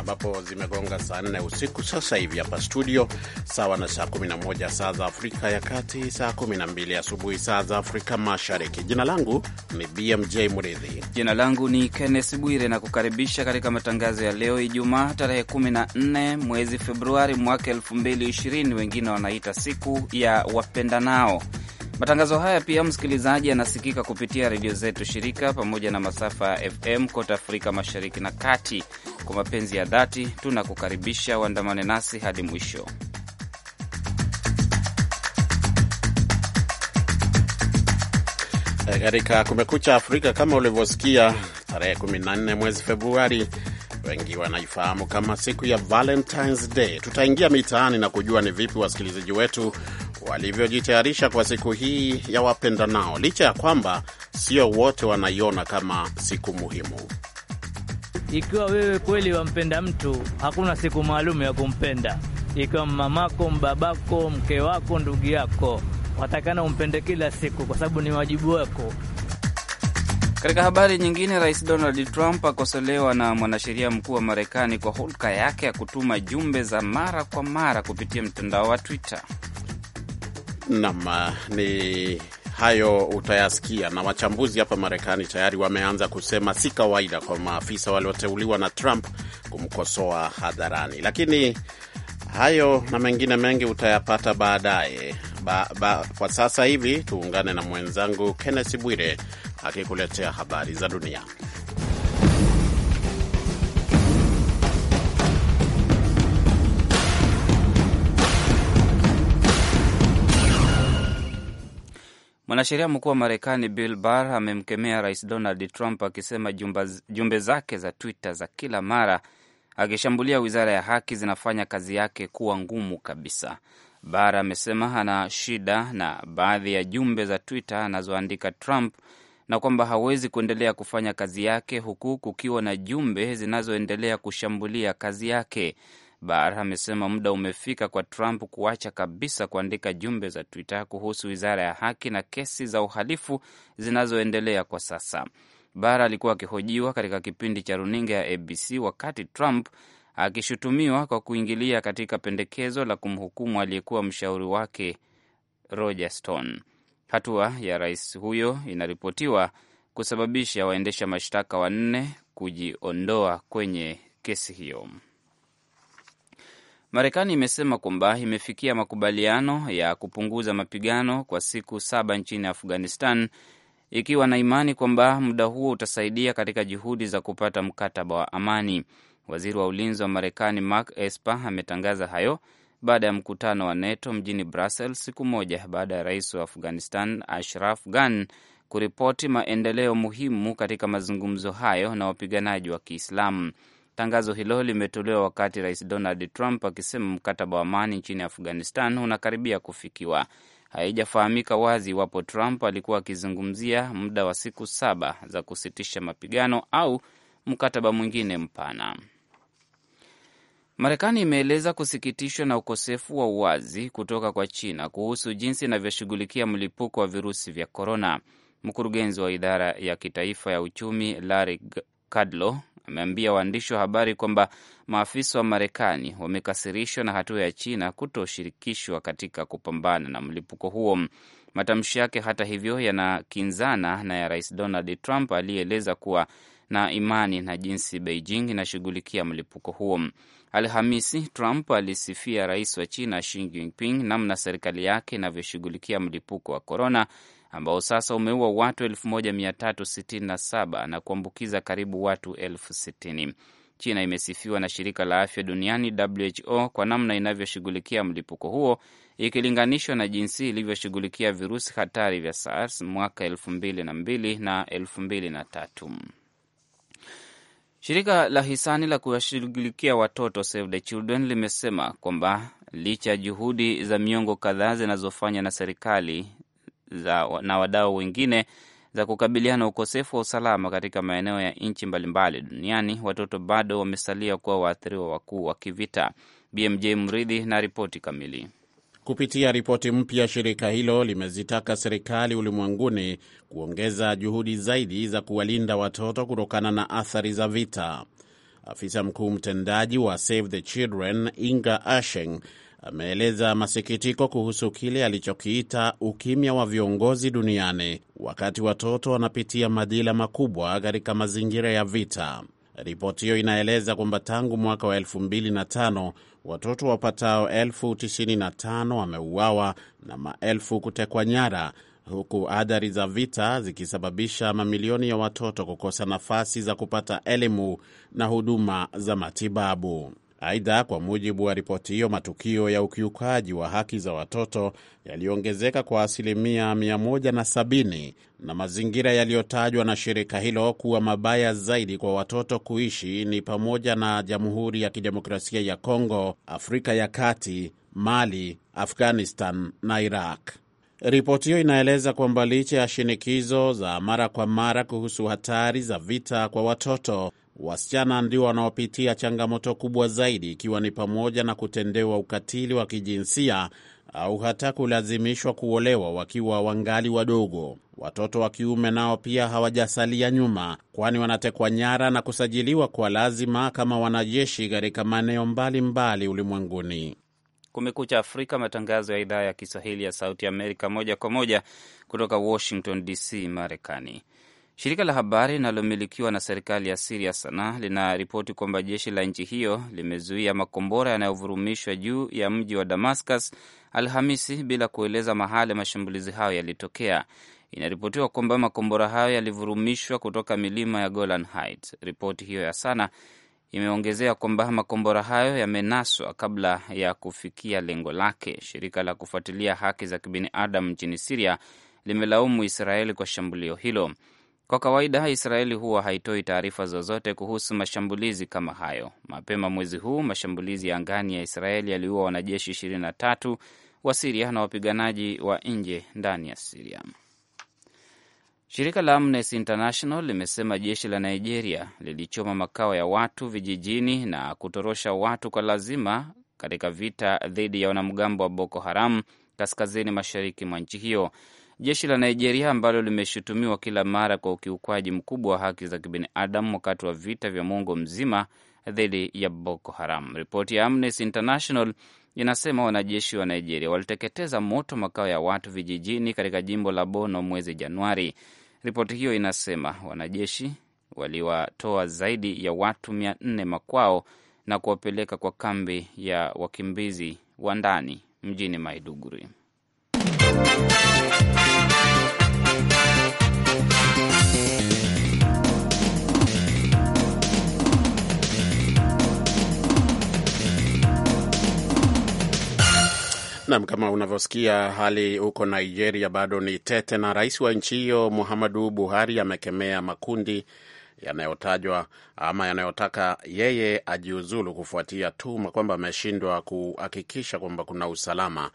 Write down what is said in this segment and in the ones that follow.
ambapo zimegonga saa nne usiku sasa hivi hapa studio, sawa na saa 11 saa za Afrika ya Kati, saa 12 asubuhi saa za Afrika Mashariki. Jina langu ni BMJ Mridhi. Jina langu ni Kennes Bwire na kukaribisha katika matangazo ya leo Ijumaa tarehe 14 mwezi Februari mwaka 2020, wengine wanaita siku ya wapendanao. Matangazo haya pia, msikilizaji, yanasikika kupitia redio zetu shirika pamoja na masafa ya FM kote Afrika Mashariki na Kati. Kwa mapenzi ya dhati, tunakukaribisha uandamane nasi hadi mwisho. Katika Kumekucha Afrika, kama ulivyosikia, tarehe 14 mwezi Februari wengi wanaifahamu kama siku ya Valentines Day. Tutaingia mitaani na kujua ni vipi wasikilizaji wetu walivyojitayarisha kwa siku hii ya wapenda nao licha ya kwamba sio wote wanaiona kama siku muhimu. Ikiwa wewe kweli wampenda mtu, hakuna siku maalum ya kumpenda. Ikiwa mamako, mbabako, mke wako, ndugu yako, watakana umpende kila siku, kwa sababu ni wajibu wako. Katika habari nyingine, Rais Donald Trump akosolewa na mwanasheria mkuu wa Marekani kwa hulka yake ya kutuma jumbe za mara kwa mara kupitia mtandao wa Twitter nam ni hayo utayasikia. Na wachambuzi hapa Marekani tayari wameanza kusema si kawaida kwa maafisa walioteuliwa na Trump kumkosoa hadharani, lakini hayo na mengine mengi utayapata baadaye. Ba, ba, kwa sasa hivi tuungane na mwenzangu Kenneth Bwire akikuletea habari za dunia. Mwanasheria mkuu wa Marekani Bill Barr amemkemea Rais Donald Trump akisema jumbe zake za Twitter za kila mara akishambulia wizara ya haki zinafanya kazi yake kuwa ngumu kabisa. Barr amesema ana shida na baadhi ya jumbe za Twitter anazoandika Trump na kwamba hawezi kuendelea kufanya kazi yake huku kukiwa na jumbe zinazoendelea kushambulia kazi yake. Barr amesema muda umefika kwa Trump kuacha kabisa kuandika jumbe za Twitter kuhusu wizara ya haki na kesi za uhalifu zinazoendelea kwa sasa. Barr alikuwa akihojiwa katika kipindi cha runinga ya ABC wakati Trump akishutumiwa kwa kuingilia katika pendekezo la kumhukumu aliyekuwa mshauri wake Roger Stone. Hatua ya rais huyo inaripotiwa kusababisha waendesha mashtaka wanne kujiondoa kwenye kesi hiyo. Marekani imesema kwamba imefikia makubaliano ya kupunguza mapigano kwa siku saba nchini Afghanistan, ikiwa na imani kwamba muda huo utasaidia katika juhudi za kupata mkataba wa amani. Waziri wa ulinzi wa Marekani Mark Esper ametangaza hayo baada ya mkutano wa NATO mjini Brussels, siku moja baada ya rais wa Afghanistan Ashraf Ghani kuripoti maendeleo muhimu katika mazungumzo hayo na wapiganaji wa Kiislamu. Tangazo hilo limetolewa wakati Rais Donald Trump akisema mkataba wa amani nchini Afghanistan unakaribia kufikiwa. Haijafahamika wazi iwapo Trump alikuwa akizungumzia muda wa siku saba za kusitisha mapigano au mkataba mwingine mpana. Marekani imeeleza kusikitishwa na ukosefu wa uwazi kutoka kwa China kuhusu jinsi inavyoshughulikia mlipuko wa virusi vya korona. Mkurugenzi wa idara ya kitaifa ya uchumi Larry Kudlow ameambia waandishi wa habari kwamba maafisa wa Marekani wamekasirishwa na hatua ya China kutoshirikishwa katika kupambana na mlipuko huo. Matamshi yake hata hivyo yanakinzana na ya Rais Donald Trump aliyeeleza kuwa na imani na jinsi Beijing inashughulikia mlipuko huo. Alhamisi, Trump alisifia rais wa China Xi Jinping namna serikali yake inavyoshughulikia mlipuko wa korona ambao sasa umeua watu 1367 na kuambukiza karibu watu 60 China imesifiwa na shirika la afya duniani WHO kwa namna inavyoshughulikia mlipuko huo ikilinganishwa na jinsi ilivyoshughulikia virusi hatari vya SARS mwaka 2002 na 2003. Shirika la hisani la kuwashughulikia watoto Save the Children limesema kwamba licha ya juhudi za miongo kadhaa zinazofanywa na serikali za, na wadau wengine za kukabiliana ukosefu wa usalama katika maeneo ya nchi mbalimbali duniani, watoto bado wamesalia kuwa waathiriwa wakuu wa kivita. BMJ Mridhi na ripoti kamili. Kupitia ripoti mpya, shirika hilo limezitaka serikali ulimwenguni kuongeza juhudi zaidi za kuwalinda watoto kutokana na athari za vita. Afisa mkuu mtendaji wa Save the Children Inga Ashing ameeleza masikitiko kuhusu kile alichokiita ukimya wa viongozi duniani wakati watoto wanapitia madhila makubwa katika mazingira ya vita. Ripoti hiyo inaeleza kwamba tangu mwaka wa 2005 watoto wapatao 95 wameuawa na maelfu kutekwa nyara, huku adhari za vita zikisababisha mamilioni ya watoto kukosa nafasi za kupata elimu na huduma za matibabu. Aidha, kwa mujibu wa ripoti hiyo, matukio ya ukiukaji wa haki za watoto yaliongezeka kwa asilimia 170 na mazingira yaliyotajwa na shirika hilo kuwa mabaya zaidi kwa watoto kuishi ni pamoja na Jamhuri ya Kidemokrasia ya Kongo, Afrika ya Kati, Mali, Afghanistan na Iraq. Ripoti hiyo inaeleza kwamba licha ya shinikizo za mara kwa mara kuhusu hatari za vita kwa watoto, wasichana ndio wanaopitia changamoto kubwa zaidi, ikiwa ni pamoja na kutendewa ukatili wa kijinsia au hata kulazimishwa kuolewa wakiwa wangali wadogo. Watoto wa kiume nao pia hawajasalia nyuma, kwani wanatekwa nyara na kusajiliwa kwa lazima kama wanajeshi katika maeneo mbalimbali ulimwenguni. Kumekucha Afrika, matangazo ya idhaa ya Kiswahili ya Sauti Amerika, moja kwa moja kutoka Washington DC, Marekani. Shirika la habari linalomilikiwa na serikali ya Siria, sana linaripoti kwamba jeshi la nchi hiyo limezuia makombora yanayovurumishwa juu ya mji wa Damascus Alhamisi bila kueleza mahali mashambulizi hayo yalitokea. Inaripotiwa kwamba makombora hayo yalivurumishwa kutoka milima ya Golan Heights. Ripoti hiyo ya Sana imeongezea kwamba makombora hayo yamenaswa kabla ya kufikia lengo lake. Shirika la kufuatilia haki za kibinadamu nchini Siria limelaumu Israeli kwa shambulio hilo. Kwa kawaida Israeli huwa haitoi taarifa zozote kuhusu mashambulizi kama hayo. Mapema mwezi huu mashambulizi ya angani ya Israeli yaliua wanajeshi 23 wa Siria na wapiganaji wa nje ndani ya Siria. Shirika la Amnesty International limesema jeshi la Nigeria lilichoma makao ya watu vijijini na kutorosha watu kwa lazima katika vita dhidi ya wanamgambo wa Boko Haram kaskazini mashariki mwa nchi hiyo. Jeshi la Nigeria ambalo limeshutumiwa kila mara kwa ukiukwaji mkubwa wa haki za kibinadamu wakati wa vita vya mwongo mzima dhidi ya Boko Haram. Ripoti ya Amnesty International inasema wanajeshi wa Nigeria waliteketeza moto makao ya watu vijijini katika jimbo la bono mwezi Januari. Ripoti hiyo inasema wanajeshi waliwatoa zaidi ya watu mia nne makwao na kuwapeleka kwa kambi ya wakimbizi wa ndani mjini Maiduguri. Nam, kama unavyosikia hali huko Nigeria bado ni tete, na rais wa nchi hiyo Muhammadu Buhari amekemea makundi yanayotajwa ama yanayotaka yeye ajiuzulu kufuatia tuma kwamba ameshindwa kuhakikisha kwamba kuna usalama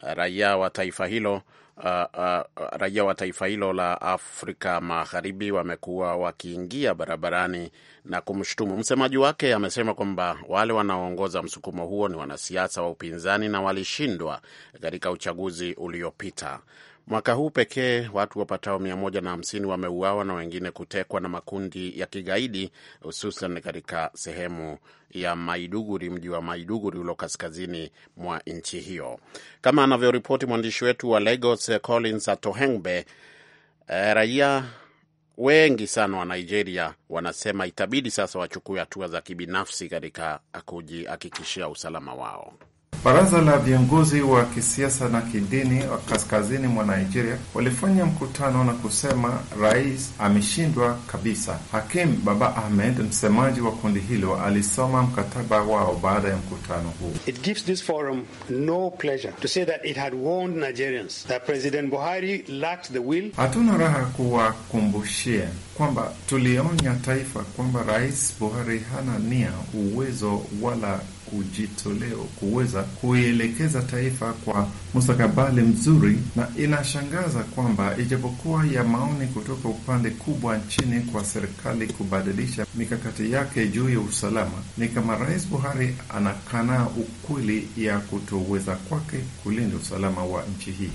raia wa taifa hilo uh, uh, raia wa taifa hilo la Afrika Magharibi wamekuwa wakiingia barabarani na kumshutumu. Msemaji wake amesema kwamba wale wanaoongoza msukumo huo ni wanasiasa wa upinzani na walishindwa katika uchaguzi uliopita. Mwaka huu pekee watu wapatao 150 wameuawa na wengine kutekwa na makundi ya kigaidi, hususan katika sehemu ya Maiduguri, mji wa Maiduguri ulio kaskazini mwa nchi hiyo, kama anavyoripoti mwandishi wetu wa Lagos Collins Atohengbe. Eh, raia wengi sana wa Nigeria wanasema itabidi sasa wachukue hatua za kibinafsi katika kujihakikishia usalama wao. Baraza la viongozi wa kisiasa na kidini wa kaskazini mwa Nigeria walifanya mkutano na kusema rais ameshindwa kabisa. Hakim Baba Ahmed, msemaji wa kundi hilo, alisoma mkataba wao baada ya mkutano huo. It gives this forum no pleasure to say that it had warned Nigerians that President Buhari lacked the will. Hatuna raha kuwakumbushia kwamba tulionya taifa kwamba Rais Buhari hana nia, uwezo wala kujitoleo kuweza kuielekeza taifa kwa mustakabali mzuri, na inashangaza kwamba ijapokuwa ya maoni kutoka upande kubwa nchini kwa serikali kubadilisha mikakati yake juu ya usalama, ni kama Rais Buhari anakanaa ukweli ya kutoweza kwake kulinda usalama wa nchi hii.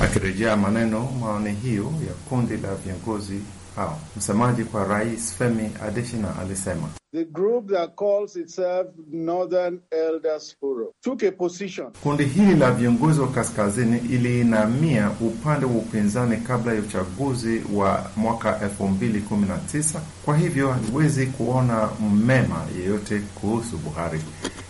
Akirejea maneno maoni hiyo ya kundi la viongozi hao, msemaji kwa Rais Femi Adesina alisema The group that calls itself Northern Elders Forum took a position. Kundi hili la viongozi wa kaskazini iliinamia upande wa upinzani kabla ya uchaguzi wa mwaka 2019. Kwa hivyo haliwezi kuona mmema yeyote kuhusu Buhari.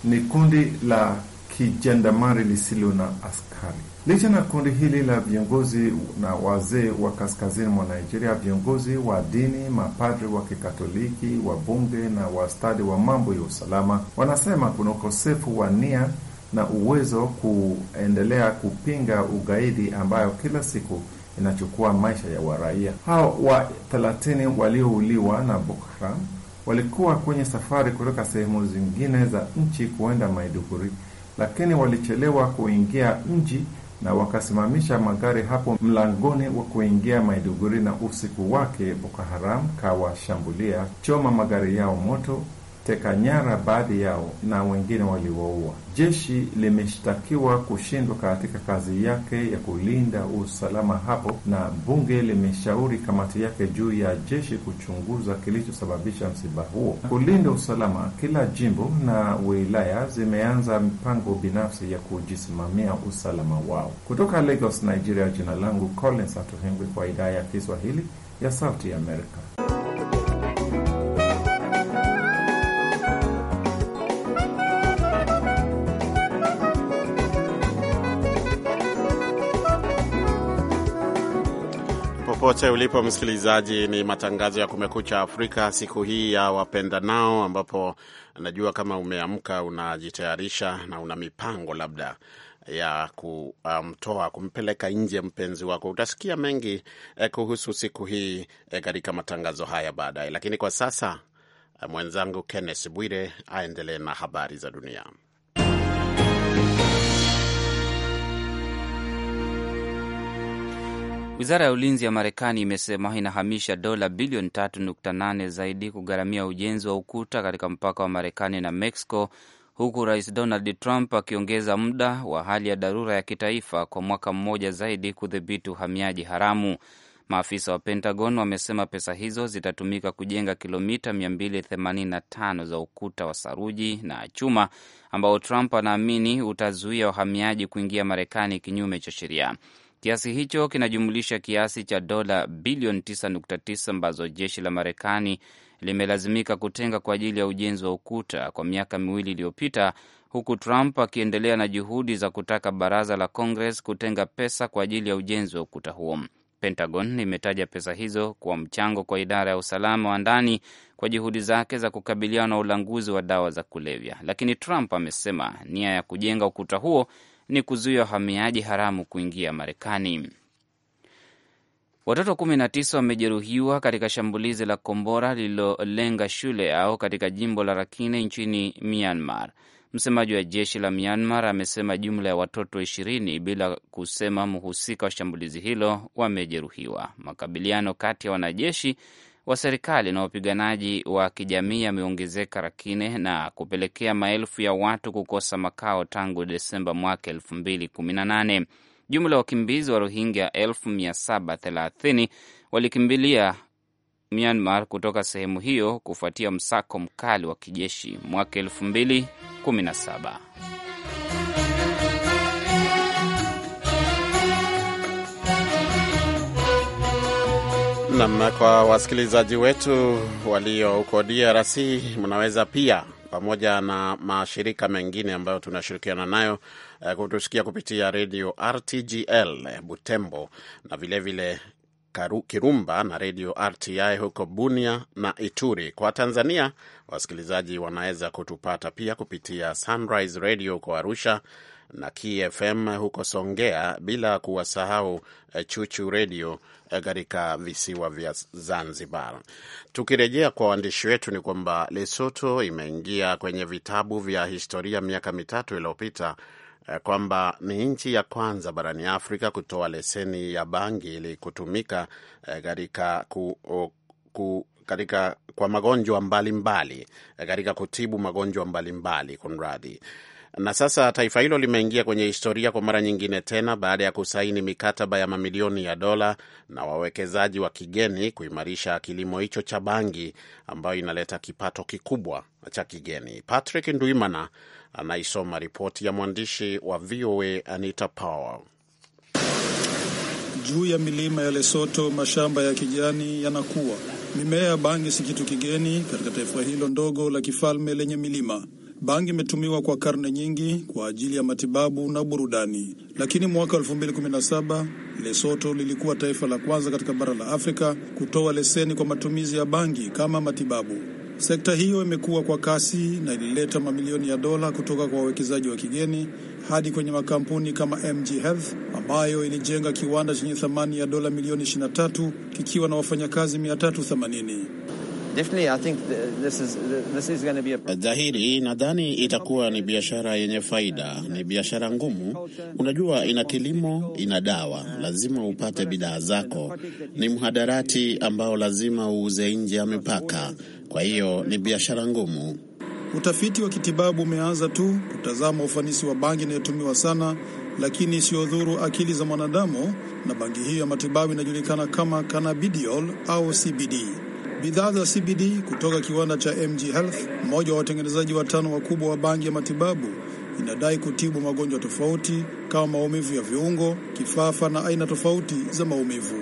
Ni kundi la kijandamari lisilo na askari. Licha na kundi hili la viongozi na wazee wa kaskazini mwa Nigeria, viongozi wa dini, mapadri wa Kikatoliki, wabunge na wastadi wa mambo ya usalama wanasema kuna ukosefu wa nia na uwezo kuendelea kupinga ugaidi ambayo kila siku inachukua maisha ya waraia hao. Wa thelathini waliouliwa na Boko Haram walikuwa kwenye safari kutoka sehemu zingine za nchi kuenda Maiduguri, lakini walichelewa kuingia mji na wakasimamisha magari hapo mlangoni wa kuingia Maiduguri, na usiku wake Boko Haram kawashambulia, choma magari yao moto waliteka nyara baadhi yao na wengine waliwaua. Jeshi limeshtakiwa kushindwa katika kazi yake ya kulinda usalama hapo, na bunge limeshauri kamati yake juu ya jeshi kuchunguza kilichosababisha msiba huo. Kulinda usalama, kila jimbo na wilaya zimeanza mpango binafsi ya kujisimamia usalama wao. Kutoka Lagos, Nigeria, jina langu Collins Atuhengwi, kwa idhaa ya Kiswahili ya Sauti ya Amerika. popote ulipo msikilizaji, ni matangazo ya Kumekucha Afrika siku hii ya wapenda nao ambapo najua kama umeamka unajitayarisha na una mipango labda ya kumtoa um, kumpeleka nje mpenzi wako. Utasikia mengi eh, kuhusu siku hii eh, katika matangazo haya baadaye, lakini kwa sasa eh, mwenzangu Kenneth Bwire aendelee na habari za dunia. Wizara ya ulinzi ya Marekani imesema inahamisha dola bilioni 3.8 zaidi kugharamia ujenzi wa ukuta katika mpaka wa Marekani na Mexico, huku Rais Donald Trump akiongeza muda wa hali ya dharura ya kitaifa kwa mwaka mmoja zaidi kudhibiti uhamiaji haramu. Maafisa wa Pentagon wamesema pesa hizo zitatumika kujenga kilomita 285 za ukuta wa saruji na chuma ambao Trump anaamini utazuia wahamiaji kuingia Marekani kinyume cha sheria. Kiasi hicho kinajumulisha kiasi cha dola bilioni 9.9 ambazo jeshi la Marekani limelazimika kutenga kwa ajili ya ujenzi wa ukuta kwa miaka miwili iliyopita, huku Trump akiendelea na juhudi za kutaka baraza la Congress kutenga pesa kwa ajili ya ujenzi wa ukuta huo. Pentagon imetaja pesa hizo kwa mchango kwa idara ya usalama wa ndani kwa juhudi zake za kukabiliana na ulanguzi wa dawa za kulevya, lakini Trump amesema nia ya kujenga ukuta huo ni kuzuia wahamiaji haramu kuingia Marekani. Watoto 19 wamejeruhiwa katika shambulizi la kombora lililolenga shule yao katika jimbo la Rakhine nchini Myanmar. Msemaji wa jeshi la Myanmar amesema jumla ya watoto ishirini, bila kusema mhusika wa shambulizi hilo, wamejeruhiwa. Makabiliano kati ya wanajeshi wa serikali na wapiganaji wa kijamii yameongezeka Rakine na kupelekea maelfu ya watu kukosa makao tangu Desemba mwaka elfu mbili kumi na nane. Jumla ya wakimbizi wa Rohingya elfu mia saba thelathini walikimbilia Myanmar kutoka sehemu hiyo kufuatia msako mkali wa kijeshi mwaka elfu mbili kumi na saba. Nam, kwa wasikilizaji wetu walio huko DRC, mnaweza pia pamoja na mashirika mengine ambayo tunashirikiana nayo eh, kutusikia kupitia redio RTGL eh, Butembo na vilevile vile Kirumba na redio RTI huko Bunia na Ituri. Kwa Tanzania, wasikilizaji wanaweza kutupata pia kupitia Sunrise Radio huko Arusha na KFM huko Songea, bila kuwasahau eh, Chuchu Redio eh, katika visiwa vya Zanzibar. Tukirejea kwa waandishi wetu, ni kwamba lesoto imeingia kwenye vitabu vya historia miaka mitatu iliyopita eh, kwamba ni nchi ya kwanza barani Afrika kutoa leseni ya bangi ili kutumika katika ku, ku katika kwa magonjwa mbalimbali katika kutibu magonjwa mbalimbali kunradhi. Na sasa taifa hilo limeingia kwenye historia kwa mara nyingine tena baada ya kusaini mikataba ya mamilioni ya dola na wawekezaji wa kigeni kuimarisha kilimo hicho cha bangi ambayo inaleta kipato kikubwa cha kigeni. Patrick Ndwimana anaisoma ripoti ya mwandishi wa VOA Anita Power. Juu ya milima ya Lesoto, mashamba ya kijani yanakuwa. Mimea ya bangi si kitu kigeni katika taifa hilo ndogo la kifalme lenye milima Bangi imetumiwa kwa karne nyingi kwa ajili ya matibabu na burudani, lakini mwaka 2017 lesoto lilikuwa taifa la kwanza katika bara la Afrika kutoa leseni kwa matumizi ya bangi kama matibabu. Sekta hiyo imekuwa kwa kasi na ilileta mamilioni ya dola kutoka kwa wawekezaji wa kigeni hadi kwenye makampuni kama MG Health ambayo ilijenga kiwanda chenye thamani ya dola milioni 23 kikiwa na wafanyakazi 380. Eh, dhahiri, nadhani itakuwa ni biashara yenye faida. Ni biashara ngumu, unajua, ina kilimo, ina dawa, lazima upate bidhaa zako. Ni mhadarati ambao lazima uuze nje ya mipaka, kwa hiyo ni biashara ngumu. Utafiti wa kitibabu umeanza tu kutazama ufanisi wa bangi inayotumiwa sana lakini isiyodhuru akili za mwanadamu, na bangi hiyo ya matibabu inajulikana kama cannabidiol au CBD. Bidhaa za CBD kutoka kiwanda cha MG Health, mmoja wa watengenezaji watano wakubwa wa bangi ya matibabu, inadai kutibu magonjwa tofauti kama maumivu ya viungo, kifafa na aina tofauti za maumivu.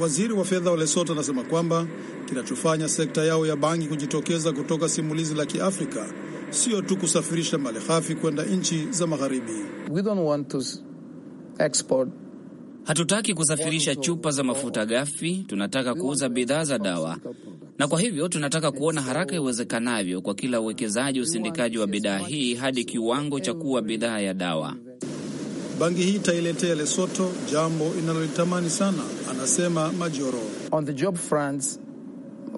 Waziri wa fedha wa Lesotho anasema kwamba kinachofanya sekta yao ya bangi kujitokeza kutoka simulizi la Kiafrika sio tu kusafirisha malighafi kwenda nchi za magharibi. We don't want to export Hatutaki kusafirisha chupa za mafuta ghafi, tunataka kuuza bidhaa za dawa, na kwa hivyo tunataka kuona haraka iwezekanavyo kwa kila uwekezaji usindikaji wa bidhaa hii hadi kiwango cha kuwa bidhaa ya dawa. Bangi hii itailetea Lesoto jambo inalolitamani sana, anasema Majoro. On the job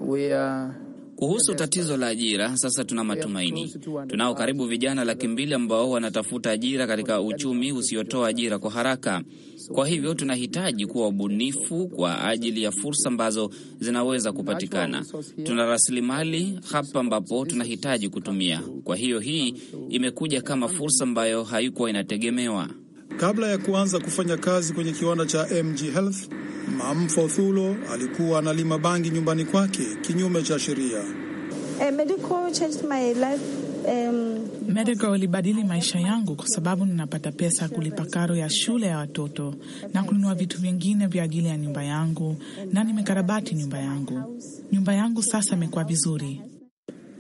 we are... Kuhusu tatizo la ajira, sasa tuna matumaini. Tunao karibu vijana laki mbili ambao wanatafuta ajira katika uchumi usiotoa ajira kwa haraka. Kwa hivyo tunahitaji kuwa wabunifu kwa ajili ya fursa ambazo zinaweza kupatikana. Tuna rasilimali hapa ambapo tunahitaji kutumia. Kwa hiyo hii imekuja kama fursa ambayo haikuwa inategemewa. Kabla ya kuanza kufanya kazi kwenye kiwanda cha MG Health Mamfo Thulo alikuwa analima bangi nyumbani kwake kinyume cha sheria. Eh, um, medical ilibadili maisha yangu kwa sababu ninapata pesa ya kulipa karo ya shule ya watoto na kununua vitu vingine vya ajili ya nyumba yangu, na nimekarabati nyumba yangu. Nyumba yangu sasa imekuwa vizuri.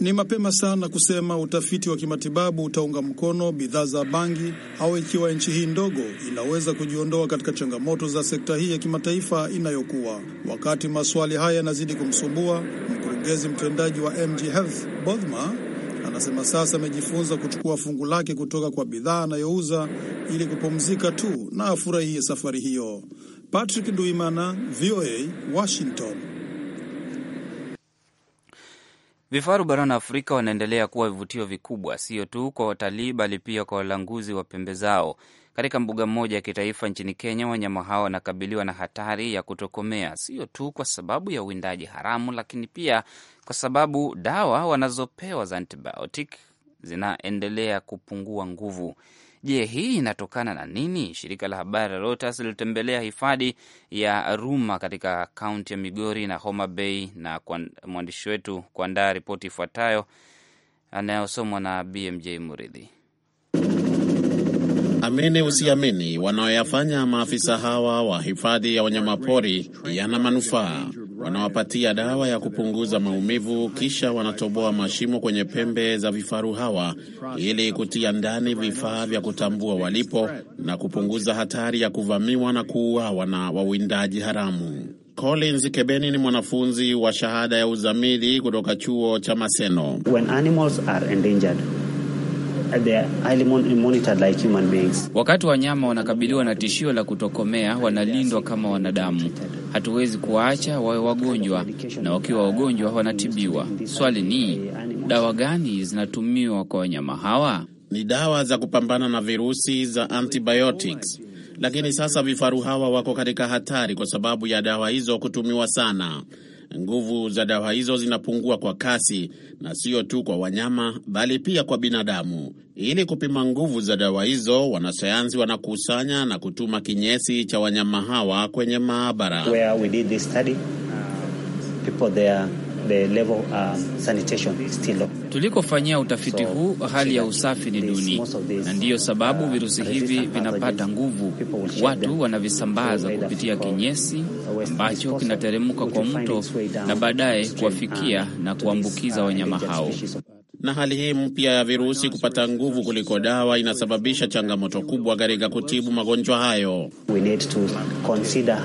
Ni mapema sana kusema utafiti wa kimatibabu utaunga mkono bidhaa za bangi au ikiwa nchi hii ndogo inaweza kujiondoa katika changamoto za sekta hii ya kimataifa inayokuwa. Wakati maswali haya yanazidi kumsumbua, mkurugenzi mtendaji wa MG Health Bodhma anasema sasa amejifunza kuchukua fungu lake kutoka kwa bidhaa anayouza ili kupumzika tu na afurahie safari hiyo. Patrick Duimana, VOA, Washington. Vifaru barani Afrika wanaendelea kuwa vivutio vikubwa, sio tu kwa watalii, bali pia kwa walanguzi wa pembe zao. Katika mbuga moja ya kitaifa nchini Kenya, wanyama hao wanakabiliwa na hatari ya kutokomea, sio tu kwa sababu ya uwindaji haramu, lakini pia kwa sababu dawa wanazopewa za antibiotic zinaendelea kupungua nguvu. Je, hii inatokana na nini? Shirika la habari la Reuters lilitembelea hifadhi ya Ruma katika kaunti ya Migori na Homa Bay, na mwandishi wetu kuandaa ripoti ifuatayo anayosomwa na BMJ Muridhi. Amini usiamini, wanaoyafanya maafisa hawa wa hifadhi ya wanyamapori yana manufaa wanawapatia dawa ya kupunguza maumivu, kisha wanatoboa mashimo kwenye pembe za vifaru hawa ili kutia ndani vifaa vya kutambua walipo na kupunguza hatari ya kuvamiwa na kuuawa na wawindaji haramu. Collins Kebeni ni mwanafunzi wa shahada ya uzamili kutoka chuo cha Maseno. When animals are endangered Wakati wanyama wanakabiliwa na tishio la kutokomea, wanalindwa kama wanadamu. Hatuwezi kuwaacha wawe wagonjwa, na wakiwa wagonjwa wanatibiwa. Swali ni dawa gani zinatumiwa kwa wanyama hawa? Ni dawa za kupambana na virusi za antibiotics, lakini sasa vifaru hawa wako katika hatari kwa sababu ya dawa hizo kutumiwa sana nguvu za dawa hizo zinapungua kwa kasi, na sio tu kwa wanyama, bali pia kwa binadamu. Ili kupima nguvu za dawa hizo, wanasayansi wanakusanya na kutuma kinyesi cha wanyama hawa kwenye maabara Where we did this study, uh, people there the level um, sanitation is still low. Tulikofanyia utafiti so, huu hali ya usafi ni duni, na ndiyo sababu uh, virusi hivi vinapata nguvu. Watu wanavisambaza kupitia kinyesi ambacho kinateremka kwa mto na baadaye kuwafikia na kuambukiza uh, wanyama hao na hali hii mpya ya virusi kupata nguvu kuliko dawa inasababisha changamoto kubwa katika kutibu magonjwa hayo. We need to consider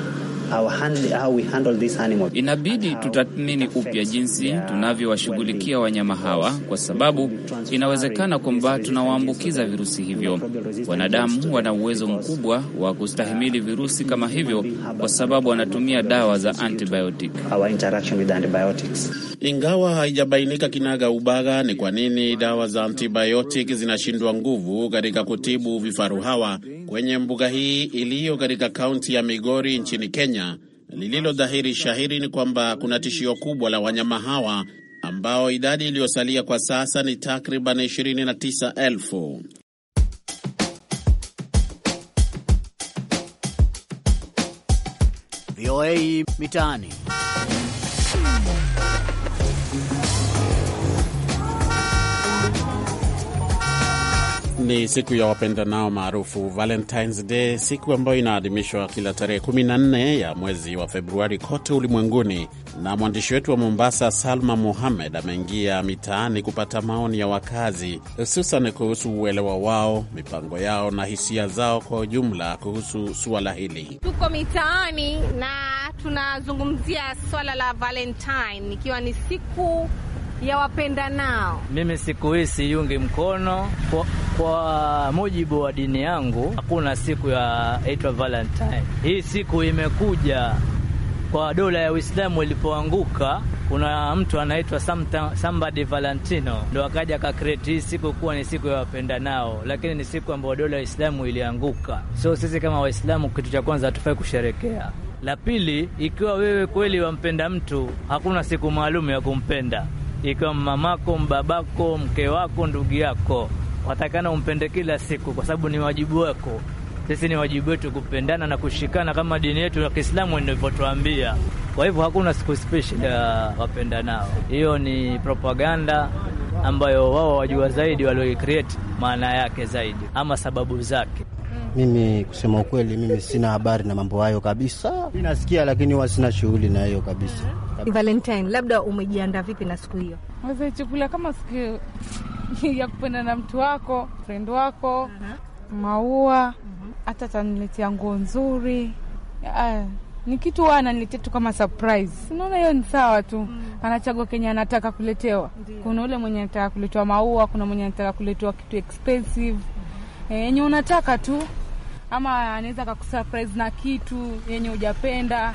Inabidi tutathmini upya jinsi tunavyowashughulikia wanyama hawa, kwa sababu inawezekana kwamba tunawaambukiza virusi hivyo. Wanadamu wana uwezo mkubwa wa kustahimili virusi kama hivyo, kwa sababu wanatumia dawa za antibiotic. Ingawa haijabainika kinaga ubaga ni kwa nini dawa za antibiotic zinashindwa nguvu katika kutibu vifaru hawa kwenye mbuga hii iliyo katika kaunti ya Migori nchini Kenya. Lililo dhahiri shahiri ni kwamba kuna tishio kubwa la wanyama hawa ambao idadi iliyosalia kwa sasa ni takriban 29,000. VOA Mitaani. Ni siku ya wapenda nao maarufu Valentines Day, siku ambayo inaadhimishwa kila tarehe 14 ya mwezi wa Februari kote ulimwenguni. Na mwandishi wetu wa Mombasa, Salma muhamed ameingia mitaani kupata maoni ya wakazi, hususan kuhusu uelewa wao, mipango yao na hisia zao kwa ujumla kuhusu suala hili. Tuko mitaani na tunazungumzia swala la Valentine, ikiwa ni siku ya wapenda nao. Mimi siku hii siungi mkono kwa, kwa mujibu wa dini yangu hakuna siku ya itwa Valentine. Hii siku imekuja kwa dola ya Uislamu ilipoanguka, kuna mtu anaitwa somebody Valentino, ndo akaja kakreti hii siku kuwa ni siku ya wapenda nao, lakini ni siku ambayo dola ya Uislamu ilianguka. So sisi kama Waislamu, kitu cha kwanza hatufai kusherekea. La pili, ikiwa wewe kweli wampenda mtu, hakuna siku maalum ya kumpenda ikiwa mamako, mbabako, mke wako, ndugu yako, watakana umpende kila siku, kwa sababu ni wajibu wako. Sisi ni wajibu wetu kupendana na kushikana kama dini yetu ya Kiislamu inavyotuambia. Kwa hivyo hakuna siku special ya wapendanao, hiyo ni propaganda ambayo wao wajua zaidi, walioicreate maana yake zaidi ama sababu zake. Mimi kusema ukweli, mimi sina habari na mambo hayo kabisa. Mimi nasikia, lakini huwa sina shughuli na hiyo kabisa. Ni Valentine, labda umejiandaa vipi na siku hiyo? Weza chukula kama siku ya kupenda na mtu wako, friend wako, uh-huh. maua uh-huh. hata uh-huh. ataniletea nguo nzuri uh, ni kitu wa ananiletea tu kama surprise. Naona hiyo ni sawa tu mm. Anachagua kenye anataka kuletewa. Ndiyo. Kuna ule mwenye anataka kuletewa maua, kuna mwenye anataka kuletewa kitu expensive mm -hmm. unataka tu ama anaweza akakusurprise na kitu yenye hujapenda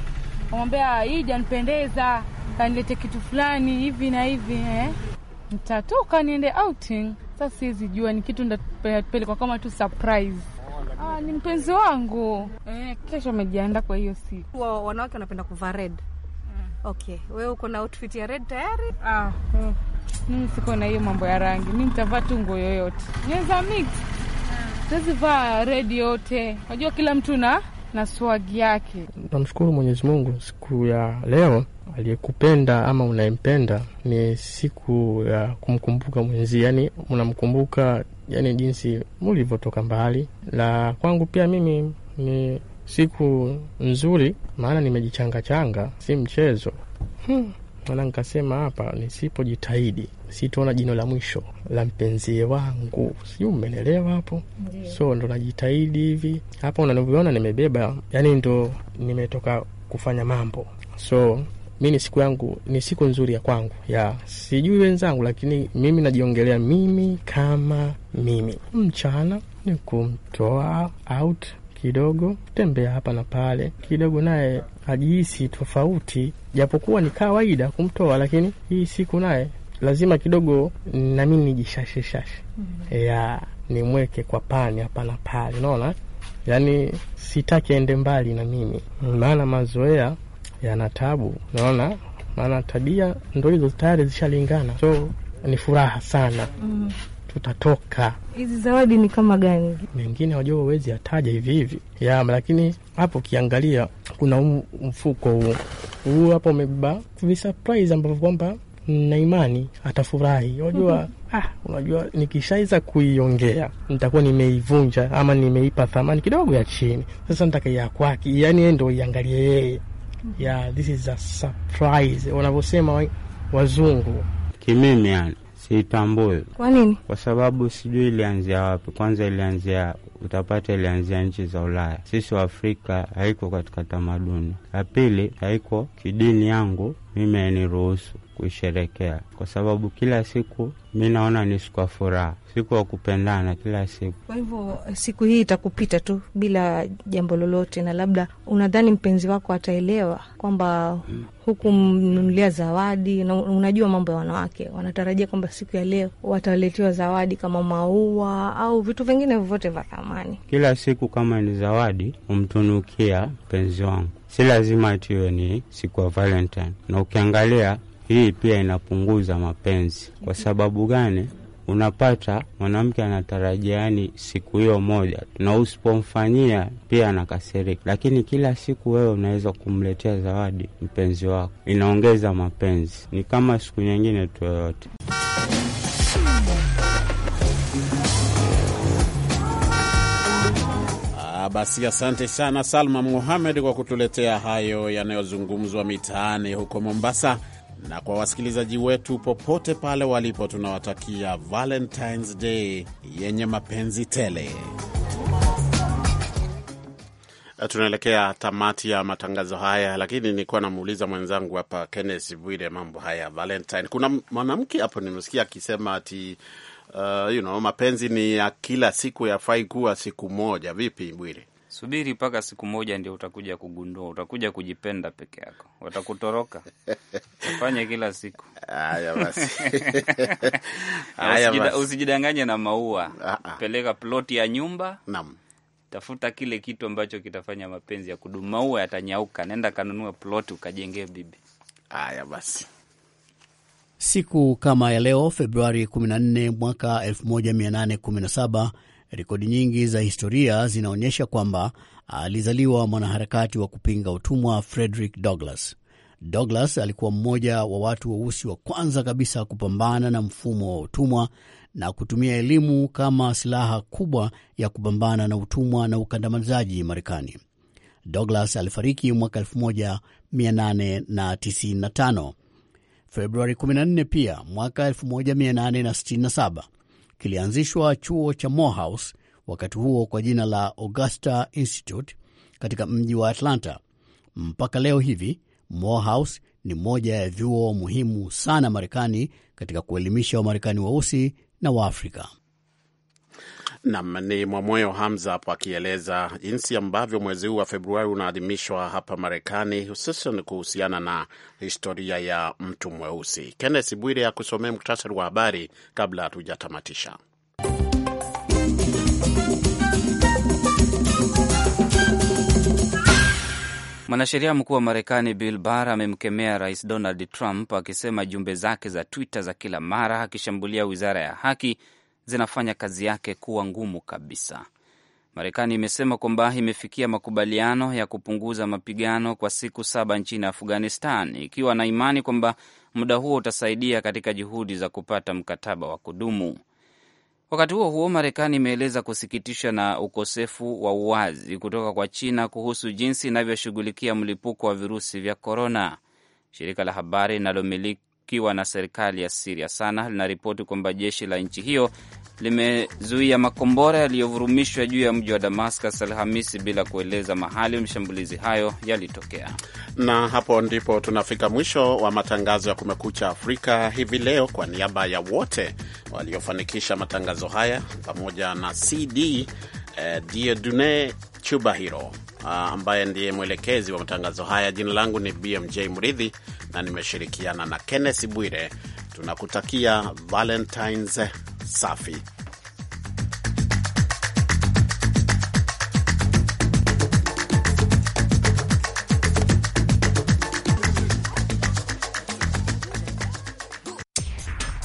Namwambia hii janipendeza, kanilete kitu fulani hivi na hivi eh. Nitatoka niende outing. Sasa siwezi jua ni kitu ndapelekwa kama tu surprise. Ah, ni mpenzi wangu eh, kesho amejiandaa kwa hiyo siku. Wanawake wanapenda kuvaa red. Mm. Okay, wewe uko na outfit ya red tayari? Ah, eh. Mimi siko na hiyo mambo ya rangi, mi nitavaa tu nguo yoyote, naweza mix, mm. siwezi vaa red yote. Unajua kila mtu na na swagi yake. Namshukuru Mwenyezi Mungu siku ya leo aliyekupenda ama unayempenda ni siku ya kumkumbuka mwenzi, yani unamkumbuka, yani jinsi mulivyotoka mbali. La kwangu pia mimi ni siku nzuri, maana nimejichangachanga, si mchezo hmm maana nikasema hapa, nisipojitahidi sitaona jino la mwisho la mpenzie wangu, sijui mmenelewa hapo. So ndo najitahidi hivi hapa, unaniviona nimebeba, yani ndo nimetoka kufanya mambo. So mi ni siku yangu, ni siku nzuri ya kwangu ya sijui wenzangu, lakini mimi najiongelea mimi kama mimi. Mchana ni kumtoa out kidogo, tembea hapa na pale kidogo, naye ajihisi tofauti japokuwa ni kawaida kumtoa, lakini hii siku naye lazima kidogo nami nijishasheshashe mm -hmm. ya nimweke kwa pani hapa na pale, unaona, yani sitaki aende mbali na mimi, maana mazoea yana tabu, unaona, maana tabia ndo hizo tayari zishalingana, so ni furaha sana mm -hmm tutatoka. Hizi zawadi ni kama gani? Mengine wajua uwezi ataja hivi hivi ya, lakini hapo ukiangalia kuna um, mfuko huu huu hapo umebeba visurprise ambavyo kwamba na imani atafurahi. Unajua, mm -hmm. Ah, unajua nikishaweza kuiongea nitakuwa nimeivunja ama nimeipa thamani kidogo ya chini. Sasa nitakaia kwake, yani yeye ndo iangalie yeye. Yeah, this is a surprise wanavyosema wazungu kimimi yani siitambui. Kwa nini? Kwa sababu sijui ilianzia wapi. Kwanza ilianzia utapata ilianzia nchi za Ulaya. Sisi wa Afrika haiko katika tamaduni. La pili, haiko kidini yangu mimi, yaniruhusu kuisherekea kwa sababu kila siku mi naona ni siku ya furaha siku wa kupendana kila siku. Kwa hivyo siku hii itakupita tu bila jambo lolote, na labda unadhani mpenzi wako ataelewa kwamba huku mnunulia zawadi, na unajua mambo ya wanawake, wanatarajia kwamba siku ya leo wataletiwa zawadi kama maua au vitu vingine vyovyote vya thamani. Kila siku kama ni zawadi umtunukia mpenzi wangu, si lazima tiwe ni siku ya Valentine. Na ukiangalia hii pia inapunguza mapenzi. Kwa sababu gani? unapata mwanamke anatarajia yani siku hiyo moja, na usipomfanyia pia anakasirika. Lakini kila siku wewe unaweza kumletea zawadi mpenzi wako, inaongeza mapenzi, ni kama siku nyingine tu yoyote. Ah, basi asante sana Salma Muhamed kwa kutuletea hayo yanayozungumzwa mitaani huko Mombasa na kwa wasikilizaji wetu popote pale walipo, tunawatakia Valentines Day yenye mapenzi tele. Tunaelekea tamati ya matangazo haya, lakini nilikuwa namuuliza mwenzangu hapa Kenneth Bwire mambo haya Valentine. Kuna mwanamke hapo nimesikia akisema ati uh, you know, mapenzi ni ya kila siku, yafai kuwa siku moja. Vipi Bwire? Subiri mpaka siku moja ndio utakuja kugundua, utakuja kujipenda peke yako, watakutoroka ufanye kila siku. Haya basi, usijidanganye na maua. Ah, ah. Peleka ploti ya nyumba, Nam. tafuta kile kitu ambacho kitafanya mapenzi ya kudumu. Maua yatanyauka, nenda kanunua ploti ukajengee bibi. Haya basi. Siku kama ya leo Februari 14 mwaka 1817 Rekodi nyingi za historia zinaonyesha kwamba alizaliwa mwanaharakati wa kupinga utumwa Frederick Douglass. Douglass alikuwa mmoja wa watu weusi wa kwanza kabisa kupambana na mfumo wa utumwa na kutumia elimu kama silaha kubwa ya kupambana na utumwa na ukandamizaji Marekani. Douglass alifariki mwaka 1895 Februari 14 pia mwaka 1867 kilianzishwa chuo cha Morehouse, wakati huo kwa jina la Augusta Institute katika mji wa Atlanta. Mpaka leo hivi Morehouse ni moja ya vyuo muhimu sana Marekani katika kuelimisha Wamarekani weusi wa na Waafrika. Nam ni Mwamoyo Hamza hapo akieleza jinsi ambavyo mwezi huu wa Februari unaadhimishwa hapa Marekani, hususan kuhusiana na historia ya mtu mweusi. kennes Bwire akusomea muktasari wa habari kabla hatujatamatisha. Mwanasheria mkuu wa Marekani Bill Barr amemkemea Rais Donald Trump akisema jumbe zake za Twitter za kila mara akishambulia wizara ya haki zinafanya kazi yake kuwa ngumu kabisa. Marekani imesema kwamba imefikia makubaliano ya kupunguza mapigano kwa siku saba nchini Afghanistan, ikiwa na imani kwamba muda huo utasaidia katika juhudi za kupata mkataba wa kudumu. Wakati huo huo, Marekani imeeleza kusikitishwa na ukosefu wa uwazi kutoka kwa China kuhusu jinsi inavyoshughulikia mlipuko wa virusi vya korona. Shirika la habari linalomilikiwa na serikali ya Siria. Sana linaripoti kwamba jeshi la nchi hiyo limezuia makombora yaliyovurumishwa juu ya mji wa Damascus Alhamisi bila kueleza mahali mashambulizi hayo yalitokea. Na hapo ndipo tunafika mwisho wa matangazo ya Kumekucha Afrika hivi leo. Kwa niaba ya wote waliofanikisha matangazo haya pamoja na CD eh, Diodune Chubahiro uh, ambaye ndiye mwelekezi wa matangazo haya. Jina langu ni BMJ Mridhi na nimeshirikiana na Kenneth Bwire. Tunakutakia Valentines safi.